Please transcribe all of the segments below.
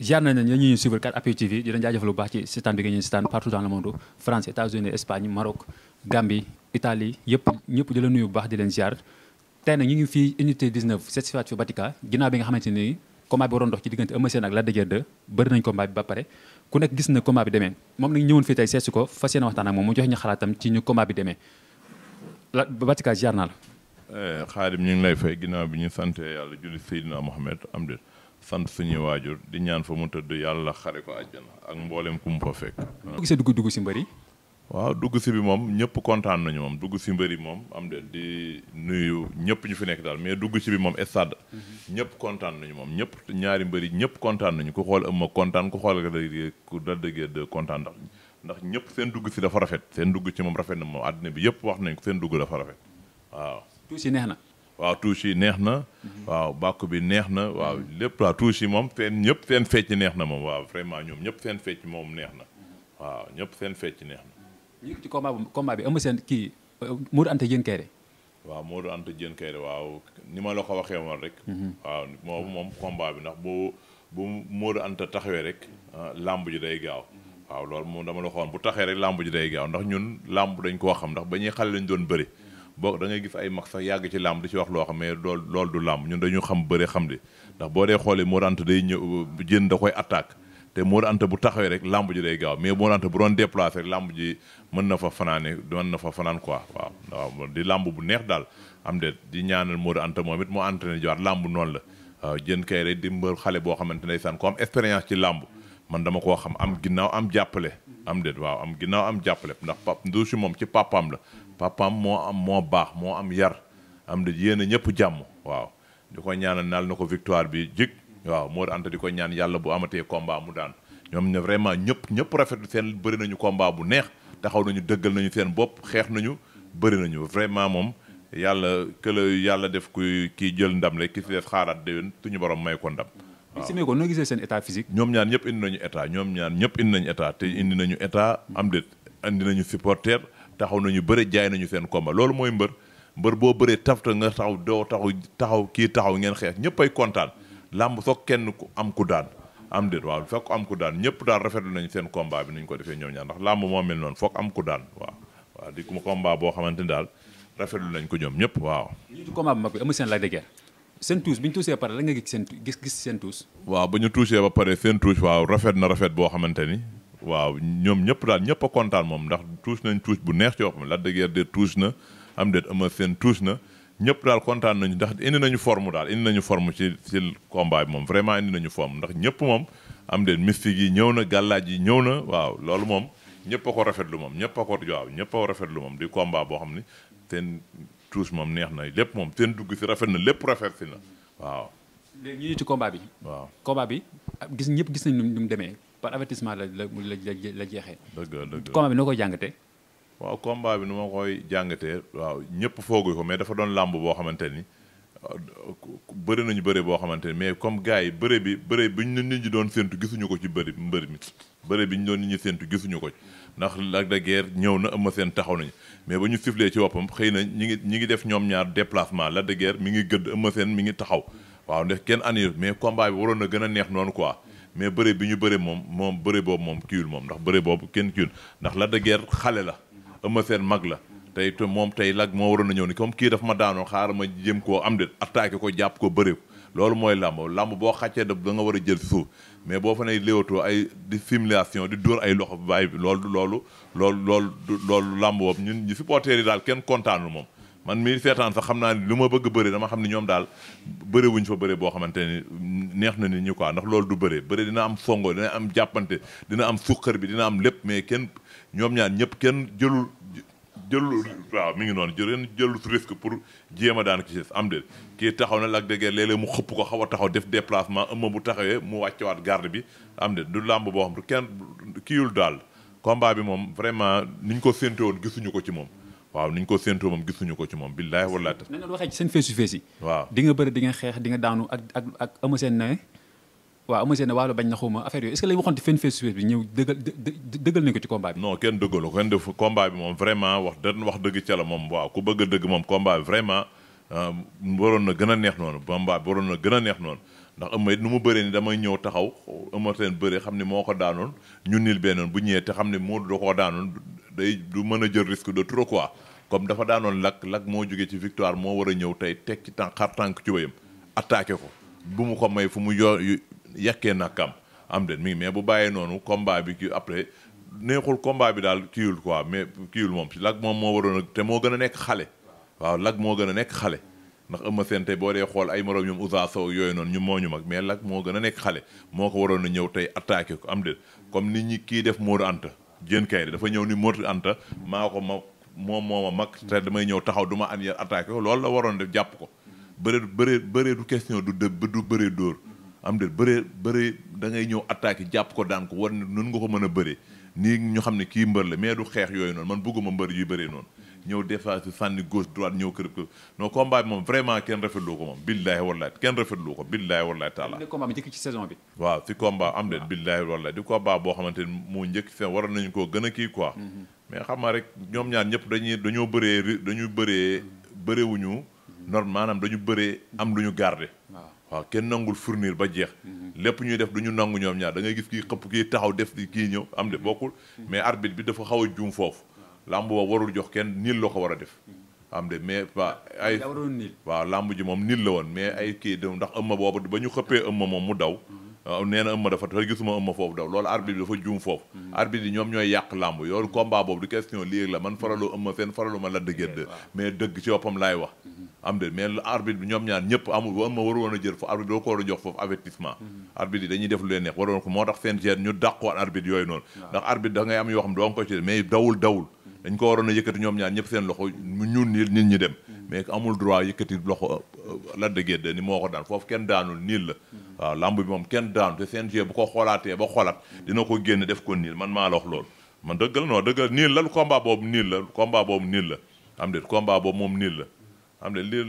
jaar nañ leen ñu ñuy suivre 4appuis TV di leen jaajëfal baax ci seetaan bi nga ñuy seetaan partout dans le monde France États-Unis Espagne Maroc Gambie Italie yëpp ñëpp di la nuyu bu baax di leen ziar tey nag ñu ngi fii unité 19 certificat fi Batika ginnaaw bi nga xamante ni combat bi waroon dox ci diggante Eumeu Sène ak Lac de Guiers 2 bëri nañ combat bi ba pare ku nekk gis na combat bi demee moom nag ñëwoon fii tey seetsi ko fas yéene waxtaan ak moom mu joxe ñu xalaatam ci ñu bi demee eh, ngi lay fay ñu sant yàlla julli Seydina Mohamed sant suñuy waajur di ñaan fa mu tëdd yàlla xare ko àjjana ak mboolem ku mu fa fekk. boo gisee dugg dugg si mbër waaw dugg si bi moom ñëpp kontaan nañu moom dugg si mbër moom am de di nuyu ñëpp ñu fi nekk daal mais dugg si bi moom stade. ñëpp kontaan nañu moom ñëpp ñaari mbër yi ñëpp kontaan nañu ku xool ëmma kontaan ku xool ku dal dëggee de kontaan ndax ndax ñëpp seen dugg si dafa rafet. seen dugg ci moom rafet na moom àddina bi yëpp wax nañ ko seen dugg dafa rafet waaw. waaw touche yi neex na. waaw bàkku bi neex na waaw lépp waaw touche yi moom fenn ñëpp fenn fecc neex na moom waaw vraiment ñoom ñëpp seen fecc moom neex na waaw ñëpp fenn fecc neex na. ci combat bi combat am seen kii Modou Anta Diène waaw Modou Anta Diène Kaïré waaw ni ma la ko waxee woon rek. Mhm. waaw moom moom combat bi ndax bu bu Modou Anta taxawee rek ah, làmb ji day gaaw. waaw loolu moom dama la waxoon bu taxee rek làmb ji day gaaw ndax ñun làmb dañ koo xam ndax ba ñuy xale lañ doon bëri. boo dangay ngay gis ay mag sax yàgg ci làmb di ci wax loo xam mais lool du làmb ñun dañu xam bëre xam li ndax boo dee xoolee Modou Anta day ñëw jën da koy attaque te Modou Anta bu taxawee rek làmb ji day gaaw mais Modou Anta bu doon déplacé rek làmb ji mën na fa fanaane mën na fa fanaan quoi waaw di làmb bu neex daal am de di ñaanal Modou Anta moom it moo entraîné jiwaat làmb noon la waaw jën kay rek di mbër xale boo xamante ne saan ko am expérience ci làmb man dama koo xam am ginnaaw am jàppale am déet waaw am ginnaaw am jàppale ndax pap si moom ci papaam la papaam moo am moo baax moo am yar am déet yéen a ñëpp jàmm waaw di ko ñaanal naal na ko victoire bi jig waaw moo anta di ko ñaan yàlla bu amatee combat mu daan ñoom ne vraiment ñëpp ñëpp rafetlu seen bëri nañu combat bu neex taxaw nañu dëggal nañu seen bopp xeex nañu bëri nañu vraiment moom yàlla këla yàlla def ku kii jël ndam le ki si def xaaraat déwén suñu borom may ko ndam waaw estimé ko noo gisee seen état physique. ñoom ñaan ñëpp indi nañu état ñoom ñaan ñëpp indi nañu état te indi nañu état am déet indi nañu supporter taxaw nañu bëre jaay nañu seen combat loolu mooy mbër mbër boo bëree tafta nga taxaw doo taxaw taxaw kii taxaw ngeen xeex ñëpp ay kontaan làmb soog kenn ku am ku daan am déet waaw fekk am ku daan ñëpp daal rafetlu nañu seen combat bi nuñ ko defee ñoom ñaan ndax làmb moo mel noonu foog am ku daan waaw waaw di combat boo xamante ni daal rafetlu nañ ko ñoom ñëpp waaw. ñu ci combat bu mag bi seen tuus bi ñu tuusee pare la nga gis seen gis gis seen tuus. waaw ba ñu tuusee ba pare seen tuus waaw rafet na rafet boo xamante ni waaw ñoom ñëpp daal ñëpp kontaan moom ndax tuus nañ tuus bu neex ci yoo xam ne la dëgg am déet ama seen na ñëpp daal kontaan nañu ndax indi nañu forme daal indi nañu forme ci ci combat moom vraiment indi nañu forme ndax ñëpp moom am déet mystique yi ñëw na gàllaaj yi ñëw na waaw loolu moom ñëpp a ko rafetlu moom ñëpp a ko waaw ñëpp a ko moom di combat boo xam ni seen tous moom neex na lépp moom seen dugg si rafet na lépp rafet si na waaw. léegi ñu ci combat bi. waaw combat bi ah, gis ñëpp gis nañ demee par avertissement la la la jeexee. dëgg la dëgg combat bi noo koy jàngatee. waaw combat bi nu ma koy jàngatee waaw ñëpp foogu dafa doon làmb boo xamante ni bëri nañu bëri boo xamante ni mais comme gars bëri bi bëri bi ñu nit ñi doon séntu gisuñu ko ci bëri mbëri mi bëri bi ñu doon nit ñi séntu gisuñu ko ndax Lac de ñëw na Eumeu seen taxaw nañu mais ba ñu siflee ci boppam xëy na ñi ngi ñi ngi def ñoom ñaar déplacement Lac de Guiers mi ngi gëdd Eumeu Sène mi ngi taxaw waaw ndax kenn annulé mais combat bi waroon na gën a neex noonu quoi mais bëre bi ñu bëre moom moom bëre boobu moom kiiwul moom ndax bëre boobu kenn kiiwul ndax Lac de xale la Eumeu seen mag la tey moom tey lag moo waroon na ñëw ni comme kii dafa ma daanoo xaaral ma jëm koo am de attaqué ko jàpp ko bëre loolu mooy làmb làmb boo xàccee da nga war a jël suuf mais boo fa ne ay di simulation di dóor ay loxo bàyyi bi loolu loolu loolu loolu loolu làmb boobu ñun ñi supporters yi daal kenn kontaanu moom man mii seetaan sax xam naa ni lu ma bëgg bëri dama xam ni ñoom daal bëri wuñ fa bëri boo xamante ni neex na nit ñi quoi ndax loolu du bëri bëri dina am songo dina am jàppante dina am suqar bi dina am lépp mais kenn ñoom ñaan ñëpp kenn jëlul jëlul waaw mi ngi noonu jëreen jëlul risque pour jéem a daan ki ci am de kii taxaw na Lac de Guiers léeg mu xëpp ko xaw a taxaw def déplacement ma bu taxawee mu wàccewaat garde bi am de du làmb boo xam kenn kiiwul daal combat bi moom vraiment niñ ko séntu gisuñu ko ci moom waaw nuñ ko séntu moom gisuñu ko ci moom billaahi wallaahi na nga waxee ci seen feesu fees yi waaw di nga bëri di nga xeex di nga daanu ak ak ama seen nawe waaw Eumeu Sène waalo bañ na xawma affaire yooyu est-ce que lañ waxoon ci fen face bi ñëw dëggal nañ ko ci combat bi non kenn dëggalu moom vraiment wax dan wax dëgg ca moom waaw ku bëgg a dëgg moom combat bi vraiment euh, na gën a neex noonu combat bi waroon na gën a neex noonu ndax Eumeu it mu bëree ni damay ñëw taxaw Eumeu Sène bëree xam ne moo ko daanoon ñu nil bennoon bu ñëwee te xam ne moo doo koo daanoon day du mën a jël risque de trop quoi comme dafa daanoon lakk lak moo jógee ci victoire moo war a ñëw tey teg ci tànk xar tànk ci yam attaqué ko bu mu ko may fu mu yo yekkee nakam am den mi ngi mais bu bàyyee noonu combat bi kii après neexul combat bi daal kiiwul quoi mais kiiwul moom si lag moom moo waroon a te moo gën a nekk xale waaw Lac moo gën a nekk xale ndax Eumeu Sène tey boo dee xool ay moroom ñoom yooyu noonu ñu moo ñu mag mais Lac moo gën a nekk xale moo ko waroon a ñëw tey attaqué ko am den comme nit ñi kii def Modou Anta Diène Kaïré dafa ñëw ni Modou Anta maa ko ma moom moo ma mag te damay ñëw taxaw du ma an yar attaqué ko loolu la waroon def jàpp ko bëree bëree bëree du question du dë du bëree dóor am de bëree bëree da ngay ñëw attaque jàpp ko daan ko war ne nun nga ko mën a bëree nii ñu xam ne kii mbër la mais du xeex yooyu noonu man bëgguma mbër yuy bëree noonu ñëw défense sànni gauche droite ñëw kërëb kërëb non combat bi moom vraiment kenn rafetlu ko moom billaahi wallaahi kenn rafetlu ko billaahi wallaahi taala combat bi njëkk ci saison bi waaw fi combat am de billaahi wallaahi di combat boo xamante ni moo njëkk seen waroon nañu ko gën a kii quoi mm-hmm. mais xam nga rek ñoom ñaar ñëpp dañuy dañoo bëree dañu bëree bëreewuñu mm-hmm. normal maanaam dañu bëree am lu ñu garder waaw kenn nangul fournir ba jeex mhm. lépp ñuy def du ñu nangu ñoom ñaar da ngay gis kii xëpp kii taxaw def kii ñëw am de mhm. bokkul mhm. mais arbit bi dafa xaw a juum foofu làmb ba warul jox kenn niil loo ko war a def am de mais waa ay waaw làmb ji moom niil la woon mais ay kii de ndax ëmma boobu ba ñu xëppee ëmma moom mu daw waaw nee na ëmma dafa tax gisuma ëmma foofu daw loolu arbitre bi dafa juum foofu mm-hmm. arbitre yi ñoom ñooy yàq làmb yoolu combat boobu du question lii la man faralu ëmma seen faralu ma Lac de Guiers wax mm-hmm. am de bi ñoom ñaar ñëpp amul woon a jël foofu arbitre bi jox foofu avertissement mm-hmm. arbitre yi dañuy def lu leen neex waroon ko moo tax seen ñu dàqoon arbitre yooyu noonu ndax arbitre da ngay am yoo xam doo ko ci mais dawul dawul dañ ko waroon a yëkkati ñoom ñaar ñëpp seen loxo ñu ñun nit ñi dem mais amul droit yëkkati loxo Lac de Guiers ni moo ko daan foofu kenn daanul niil la waaw lamb bi moom kenn daanu te CNG bu ko xoolaatee ba xoolaat dina ko génn def ko niil man maa la wax loolu man dëgg la non dëgg la niil la lu combat boobu niil la combat boobu niil la am de combat boobu moom niil la am de lii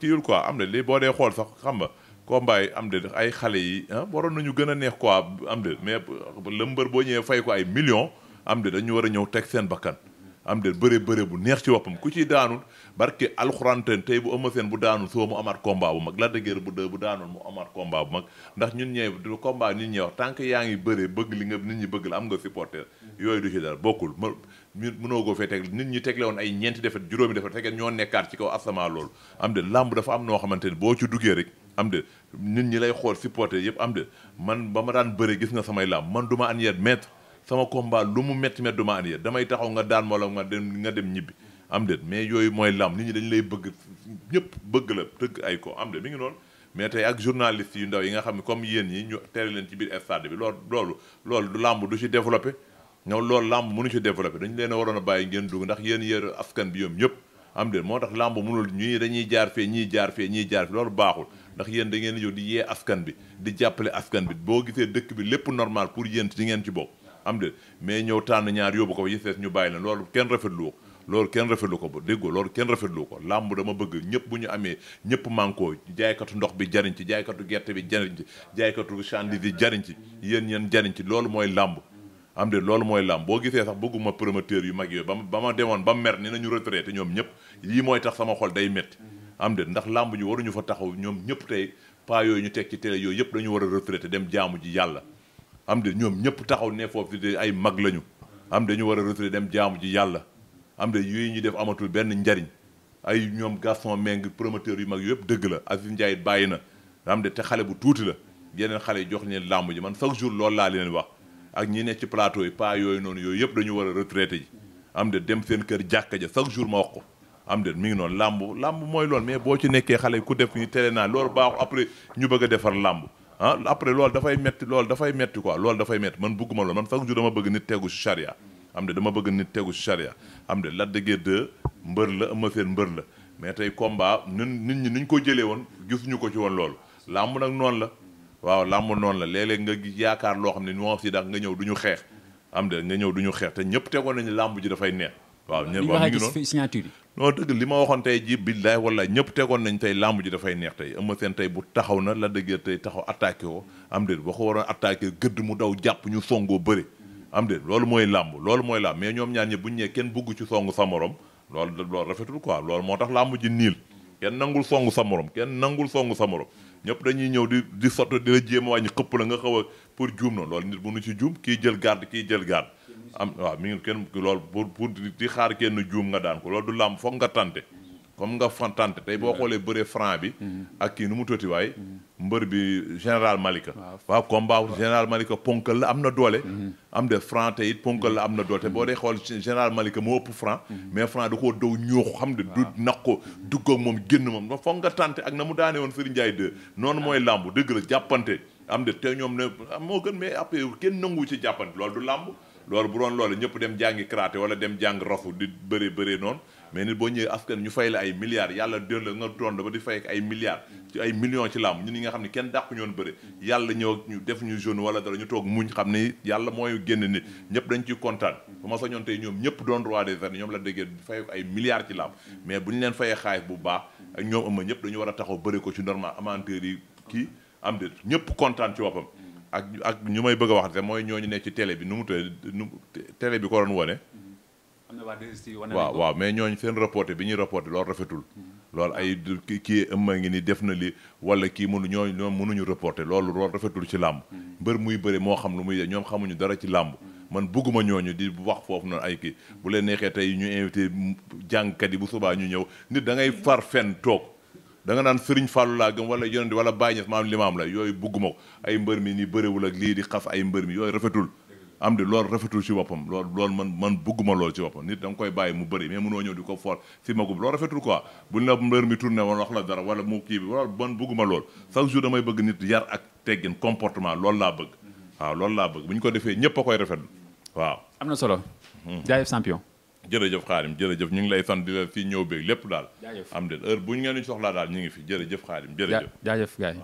kiiwul quoi am de lii boo dee xool sax xam nga combat yi am de ay xale yi ah waroon nañu gën a neex quoi am de mais lëmbër boo ñëwee fay ko ay millions am de dañu war a ñëw teg seen bakkan am de bëre bëre bu neex ci boppam ku ci daanul barke alxuraan tey bu ëmma seen bu daanul soo mu amaat combat bu mag la dëgër bu bu daanoon mu amaat combat bu mag ndax ñun ñee du combat nit ñee wax tant que yaa ngi bëre bëgg li nga nit ñi bëgg la am nga supporter yooyu du ci dara bokkul ma mënoo koo fee teg nit ñi tegle woon ay ñeenti defet juróomi defet fekkee ñoo nekkaat ci kaw asamaa loolu am de làmb dafa am noo xamante ni boo ci duggee rek am nit ñi lay xool supporter yëpp am de man ba ma daan bëre gis nga samay làmb man du ma an yet sama combat lu mu métti métti duma arrière damay taxaw nga daan ma la nga dem nga dem ñibbi am déet mais yooyu mooy lam nit ñi dañu lay bëgg ñëpp bëgg la tëgg ay ko am déet mi ngi noonu mais tey ak journaliste yu ndaw yi nga xam ne comme yéen ñi ñu tere leen ci biir stade bi loolu loolu loolu du làmb du ci développé ñoom loolu làmb mënu ci développé dañu leen a waroon a bàyyi ngeen dugg ndax yéen yéen askan bi yom ñëpp am déet moo tax làmb mënul ñii dañuy jaar fee ñii jaar fee ñii jaar loolu baaxul ndax yéen da ngeen di yow di yee askan bi di jàppale askan bi boo gisee dëkk bi lépp normal pour yéen di ngeen ci bokk am de mais ñëw tànn ñaar yóbbu ko yi yëf ñu bàyyi leen loolu kenn rafetlu ko loolu kenn rafetlu ko ba déggoo loolu kenn rafetlu ko làmb dama bëgg ñëpp bu ñu amee ñëpp mànkoo jaaykatu ndox bi jariñ ci jaaykatu gerte bi jariñ ci jaaykatu chandise bi jariñ ci yéen yéen jariñ ci loolu mooy làmb am de loolu mooy làmb boo gisee sax bëgguma promoteur yu mag yooyu ba ba ma demoon ba mer ni nañu retraité ñoom ñëpp lii mooy tax sama xol day métti am de ndax làmb ñu waruñu fa taxaw ñoom ñëpp tey pas yooyu ñu teg ci yooyu yëpp dañu war a retraité dem jaamu ji yàlla am de ñoom ñëpp taxaw ne foofu de ay mag lañu am de ñu war a retraité dem jaamu ji yàlla am de yooyu ñu def amatul benn njariñ ay ñoom Gaston Mbengue promoteur yu mag yëpp dëgg la ak Aziz Ndiaye bàyyi na am de te xale bu tuuti la yeneen xale jox leen làmb ji man chaque jour lool laa leen wax ak ñi ne ci plateau yi pas yooyu noonu yooyu yëpp dañu war a retraité ji am de dem seen kër jàkka ja chaque jour ma wax ko am de mu ngi noonu làmb làmb mooy loolu mais boo ci nekkee xale ku def ni tere naa loolu baaxu après ñu bëgg defar làmb ah après loolu dafay metti loolu dafay metti quoi loolu dafay metti man bëgguma loolu man chaque jour dama bëgg nit tegu ci charia am de dama bëgg nit tegu ci charia am de Lac de mbër la Eumeu Sène mbër la mais tey combat nun nit ñi nuñ ko jëlee woon gis ko ci woon loolu làmb nag noonu la waaw làmb noonu la léeg-léeg nga yaakaar loo xam ne ñoo si dax nga ñëw du ñu xeex am de nga ñëw du ñu xeex te ñëpp tegoon nañu làmb ji dafay neex waaw ñëpp waaw mi ngi noonu yi non dëgg li ma waxoon tey jii billaay wala ñëpp tegoon nañ tey làmb ji dafay neex tey Eumeu tey bu taxaw na la dëgg taxaw attaqué woo am boo ko waroon attaqué gëdd mu daw jàpp ñu songoo bëri am déet loolu mooy làmb loolu mooy làmb mais ñoom ñaar bu buñ ñee kenn buggu ci song sa morom loolu loolu rafetul quoi loolu moo tax làmb ji niil kenn nangul songu sa moroom kenn nangul song sa morom ñëpp dañuy ñëw di di sotti di la jéem a wàññi xëpp la nga xaw pour juum na loolu nit bu nu ci juum kii jël gàdd kii jël garde am waaw mi ngi kenn loolu pour pour di xaar kenn juum nga daan ko loolu du làmb foog nga tante comme nga fan tey boo xoolee bëree franc bi mm-hmm. ak kii nu mu toti waaye mm-hmm. mbër bi général Malika waaw combat général Malika ponkal la am na doole mm-hmm. am de franc te it ponkal la am na doole te boo dee xool général Malika moo ëpp franc mais franc da koo daw ñuux xam de du naq ko dugg moom génn moom foog nga tante ak na mu daanee woon Firi Ndiaye 2 noonu mooy làmb dëgg jàppante am de te ñoom ne moo gën mais après kenn nangu ci jàppante loolu du làmb loolu bu doon loolu ñëpp dem jàngi karaté wala dem jàng rafu di bëree bëree noonu mais nit boo ñëwee afghan ñu fay la ay milliards yàlla dér la nga doon ba di fay ay ay millions ci làmb ñun nga xam ne kenn dàqu ñoon bëri yàlla ñëw ak ñu def ñu jeune wala dara ñu toog muñ xam ni yàlla mooy génn nit ñëpp dañ ciy kontaan ba ma sañoon tey ñoom ñëpp doon roi des arènes ñoom la déggee fay ko ay milliards ci làmb mais bu ñu leen fayee xaalis bu baax ak ñoom ëma ñëpp dañu war a taxaw bëri ko ci normal amateurs yi kii am de ñëpp kontaan ci woppam ak ak ñu may bëgg a wax te mooy ñooñu ne ci télé bi nu mu tëddee nu télé bi ko doon wone mm-hmm. waaw waaw mais ñooñ seen reporté bi ñu reporté loolu rafetul mm-hmm. loolu ay kii ëmma ngi nii def na li wala kii mënu ñooñ ñoom mënuñu reporté loolu loolu rafetul ci làmb mm-hmm. mbër muy bëri moo xam lu muy def ñoom xamuñu dara ci làmb man bëgguma ñooñu di wax foofu noonu ay kii bu leen neexee tey ñu invité jàngkat yi bu subaa ñu ñëw nit da ngay far fen toog da nga naan Serigne Fallou laa gëm wala yonent wala Baye Niass maam limaam la yooyu bugguma ko ay mbër mi ni bërewul ak lii di xaf ay mbër mi yooyu rafetul am di loolu rafetul ci woppam loolu loolu man man bugguma loolu ci boppam nit da nga koy bàyyi mu bëri mais mënoo ñëw di ko for si magub loolu rafetul quoi buñ mbër mi tourné woon wax la dara wala mu kii bi loolu man bugguma loolu chaque jour damay bëgg nit yar ak teggin comportement loolu laa bëgg waaw lool laa bëgg bu ñu ko defee ñëpp a koy rafet waaw am na solo hmm. jaayef champion jërëjëf xaadim jërëjëf ñu ngi lay sant di la fii ñëw beeg lépp daal am de heure bu ñu ngeen soxlaa daal ñu ngi fi jërëjëf xaadim jërëjëf jaajëf gaay